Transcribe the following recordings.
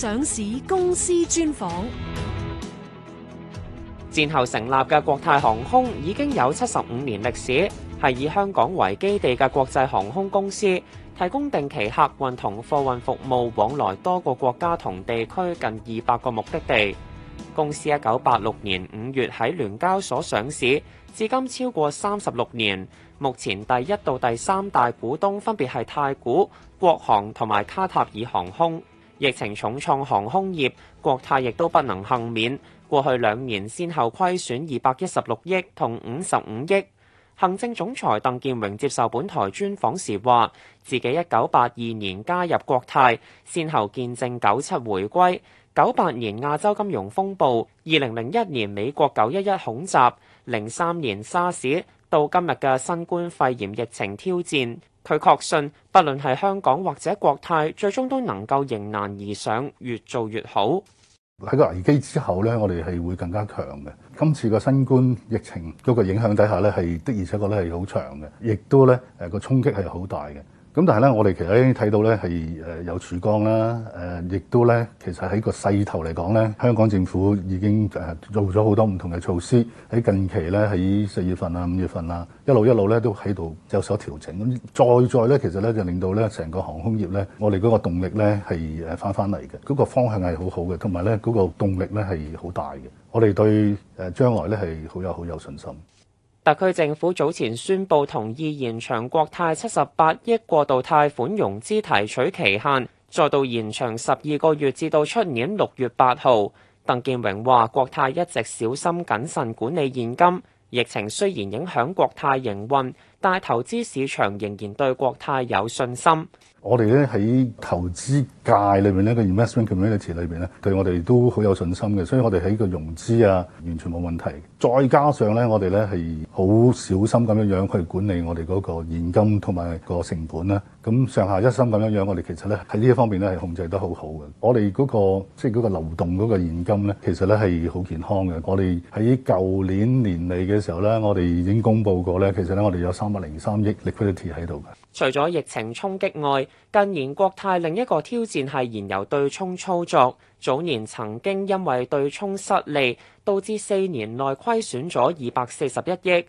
上市公司專訪。戰後成立嘅國泰航空已經有七十五年歷史，係以香港為基地嘅國際航空公司，提供定期客運同貨運服務往來多個國家同地區近二百個目的地。公司一九八六年五月喺聯交所上市，至今超過三十六年。目前第一到第三大股東分別係太古、國航同埋卡塔爾航空。疫情重創航空業，國泰亦都不能幸免。過去兩年，先後虧損二百一十六億同五十五億。行政總裁鄧健榮接受本台專訪時話，自己一九八二年加入國泰，先後見證九七回歸、九八年亞洲金融風暴、二零零一年美國九一一恐襲、零三年沙士。到今日嘅新冠肺炎疫情挑戰，佢確信，不論係香港或者國泰，最終都能夠迎難而上，越做越好。喺個危機之後咧，我哋係會更加強嘅。今次個新冠疫情，個影響底下咧，係的而且確咧，係好長嘅，亦都咧，誒個衝擊係好大嘅。咁但係咧，我哋其實已經睇到咧係誒有曙光啦，誒、呃、亦都咧其實喺個勢頭嚟講咧，香港政府已經誒做咗好多唔同嘅措施，喺近期咧喺四月份啊、五月份啦、啊，一路一路咧都喺度有所調整。咁再再咧，其實咧就令到咧成個航空業咧，我哋嗰個動力咧係誒翻翻嚟嘅，嗰、嗰個方向係好好嘅，同埋咧嗰個動力咧係好大嘅。我哋對誒將來咧係好有好有信心。特區政府早前宣布同意延長國泰七十八億過渡貸款融資提取期限，再度延長十二個月，至到出年六月八號。鄧健榮話：國泰一直小心謹慎管理現金，疫情雖然影響國泰營運。大投資市場仍然對國泰有信心。我哋咧喺投資界裏邊咧，個 investment community 裏邊咧，對我哋都好有信心嘅。所以我哋喺個融資啊，完全冇問題。再加上咧，我哋咧係好小心咁樣樣去管理我哋嗰個現金同埋個成本啦。咁上下一心咁樣樣，我哋其實咧喺呢一方面咧係控制得好好嘅。我哋嗰、嗰個即係嗰個流動嗰個現金咧，其實咧係好健康嘅。我哋喺舊年年尾嘅時候咧，我哋已經公布過咧，其實咧我哋有三咁啊，零三億 liquidity 喺度嘅。除咗疫情衝擊外，近年國泰另一個挑戰係燃油對沖操作。早年曾經因為對沖失利，導致四年內虧損咗二百四十一億。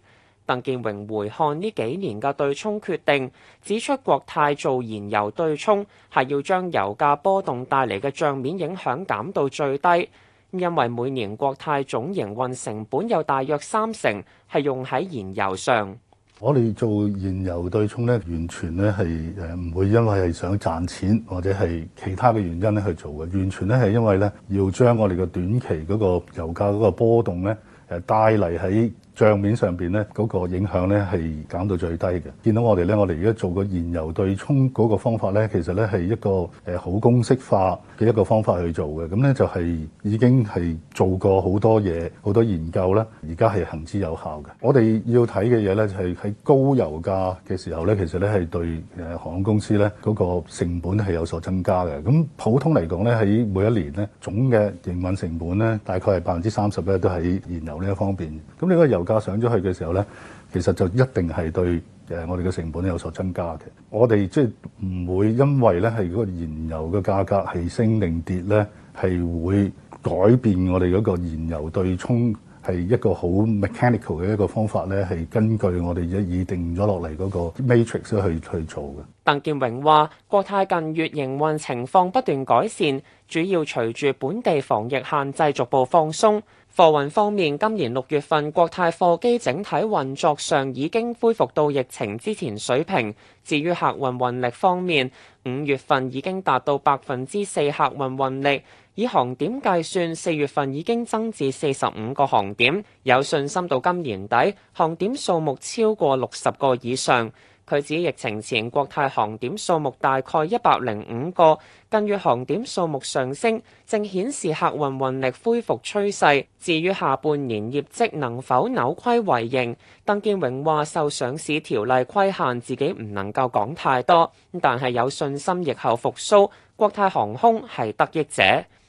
鄧健榮回看呢幾年嘅對沖決定，指出國泰做燃油對沖係要將油價波動帶嚟嘅帳面影響減到最低，因為每年國泰總營運成本有大約三成係用喺燃油上。我哋做燃油對沖咧，完全咧係誒唔會因為係想賺錢或者係其他嘅原因咧去做嘅，完全咧係因為咧要將我哋嘅短期嗰個油價嗰個波動咧誒、呃、帶嚟喺帳面上邊咧嗰個影響咧係減到最低嘅。見到我哋咧，我哋而家做個燃油對沖嗰個方法咧，其實咧係一個誒好公式化嘅一個方法去做嘅。咁咧就係已經係做過好多嘢、好多研究咧。而家係行之有效嘅。我哋要睇嘅嘢咧，就係喺高油價嘅時候咧，其實咧係對航空公司咧嗰個成本係有所增加嘅。咁普通嚟講咧，喺每一年咧總嘅營運成本咧，大概係百分之三十咧都喺燃油呢一方面。咁呢個油加上咗去嘅時候咧，其實就一定係對誒我哋嘅成本有所增加嘅。我哋即係唔會因為咧係嗰個燃油嘅價格係升定跌咧，係會改變我哋嗰個燃油對沖。係一個好 mechanical 嘅一個方法咧，係根據我哋而家已定咗落嚟嗰個 matrix 去去做嘅。鄧健榮話：國泰近月營運情況不斷改善，主要隨住本地防疫限制逐步放鬆。貨運方面，今年六月份國泰貨機整體運作上已經恢復到疫情之前水平。至於客運運力方面，五月份已經達到百分之四客運運力。以航點計算，四月份已經增至四十五個航點，有信心到今年底航點數目超過六十個以上。佢指疫情前國泰航點數目大概一百零五個，近月航點數目上升，正顯示客運運力恢復趨勢。至於下半年業績能否扭虧為盈，鄧健榮話受上市條例規限，自己唔能夠講太多，但係有信心疫後復蘇，國泰航空係得益者。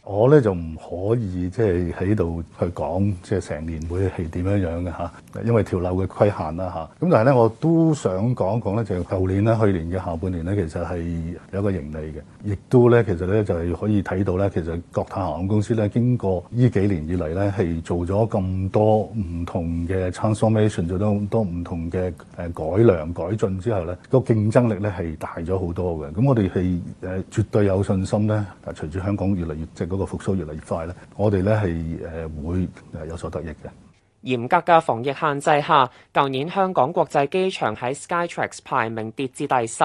我咧就唔可以即係喺度去講，即係成年會係點樣樣嘅吓，因為條樓嘅規限啦吓，咁但係咧，我都想講一講咧，就係舊年咧、去年嘅下半年咧，其實係有個盈利嘅，亦都咧其實咧就係可以睇到咧，其實國泰航空公司咧經過呢幾年以嚟咧係做咗咁多唔同嘅 transformation，做咗咁多唔同嘅誒改良改進之後咧，個競爭力咧係大咗好多嘅。咁我哋係誒絕對有信心咧，隨住香港越嚟越積。嗰個復甦越嚟越快咧，我哋咧係誒會誒有所得益嘅。嚴格嘅防疫限制下，舊年香港國際機場喺 Skytrax 排名跌至第十。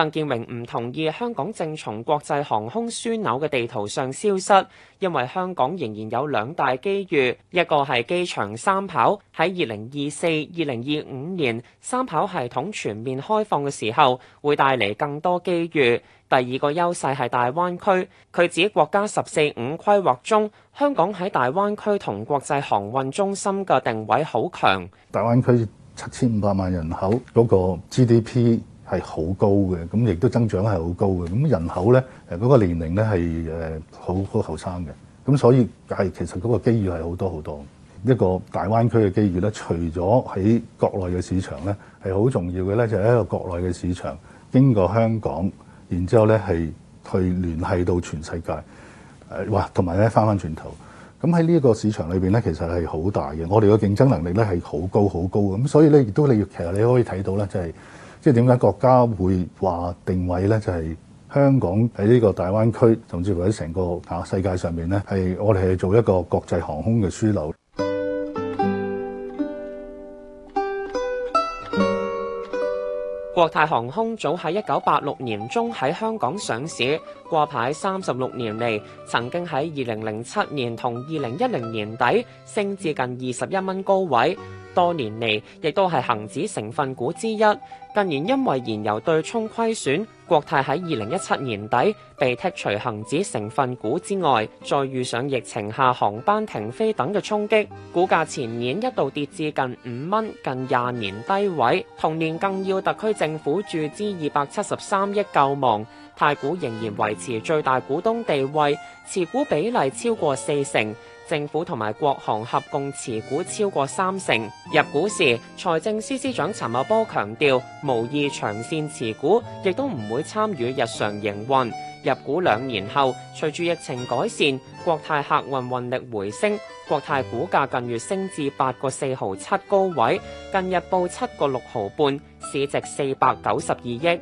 鄧健榮唔同意香港正從國際航空樞紐嘅地圖上消失，因為香港仍然有兩大機遇，一個係機場三跑，喺二零二四、二零二五年三跑系統全面開放嘅時候，會帶嚟更多機遇。第二個優勢係大灣區，佢指國家十四五規劃中，香港喺大灣區同國際航運中心嘅定位好強。大灣區七千五百萬人口，嗰個 GDP。係好高嘅，咁亦都增長係好高嘅。咁人口咧，誒、那、嗰個年齡咧係誒好好後生嘅。咁所以，誒其實嗰個機遇係好多好多。一個大灣區嘅機遇咧，除咗喺國內嘅市場咧，係好重要嘅咧，就係一個國內嘅市場經過香港，然之後咧係去聯繫到全世界。誒、呃、哇，同埋咧翻翻轉頭，咁喺呢一個市場裏邊咧，其實係好大嘅。我哋嘅競爭能力咧係好高好高嘅。咁所以咧，亦都你其實你可以睇到咧，就係、是。即係點解國家會話定位咧？就係香港喺呢個大灣區，甚至乎喺成個嚇世界上面咧，係我哋係做一個國際航空嘅樞紐。國泰航空早喺一九八六年中喺香港上市，掛牌三十六年嚟，曾經喺二零零七年同二零一零年底升至近二十一蚊高位。多年嚟亦都係恒指成分股之一，近年因為燃油對沖虧損，國泰喺二零一七年底被剔除恒指成分股之外，再遇上疫情下航班停飛等嘅衝擊，股價前年一度跌至近五蚊，近廿年低位。同年更要特區政府注資二百七十三億救亡，太古仍然維持最大股東地位，持股比例超過四成。政府同埋國航合共持股超過三成。入股時，財政司司長陳茂波強調，無意長線持股，亦都唔會參與日常營運。入股兩年後，隨住疫情改善，國泰客運運力回升，國泰股價近月升至八個四毫七高位，近日報七個六毫半，市值四百九十二億。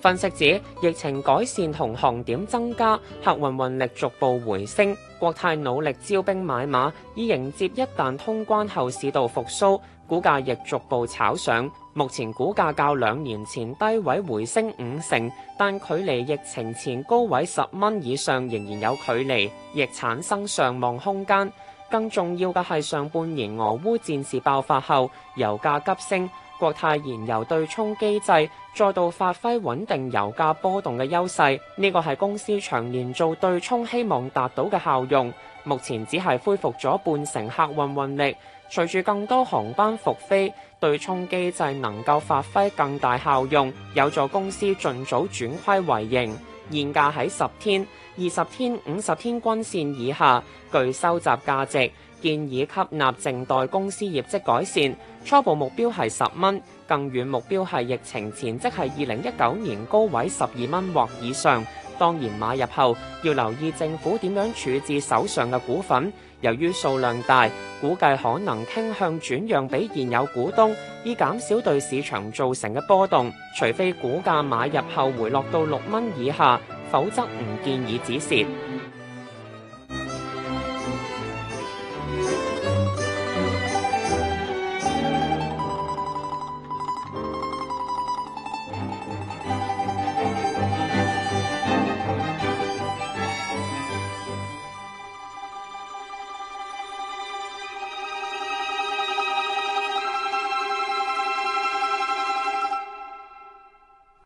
分析指疫情改善同航點增加，客運運力逐步回升。國泰努力招兵買馬，以迎接一旦通關後市道復蘇，股價亦逐步炒上。目前股價較兩年前低位回升五成，但距離疫情前高位十蚊以上仍然有距離，亦產生上望空間。更重要嘅係上半年俄烏戰事爆發後，油價急升。國泰燃油對沖機制再度發揮穩定油價波動嘅優勢，呢個係公司長年做對沖，希望達到嘅效用。目前只係恢復咗半成客運運力，隨住更多航班復飛，對沖機制能夠發揮更大效用，有助公司盡早轉虧為盈。現價喺十天、二十天、五十天均線以下，具收集價值。建議吸納靜待公司業績改善，初步目標係十蚊，更遠目標係疫情前即係二零一九年高位十二蚊或以上。當然買入後要留意政府點樣處置手上嘅股份，由於數量大，估計可能傾向轉讓俾現有股東，以減少對市場造成嘅波動。除非股價買入後回落到六蚊以下，否則唔建議止蝕。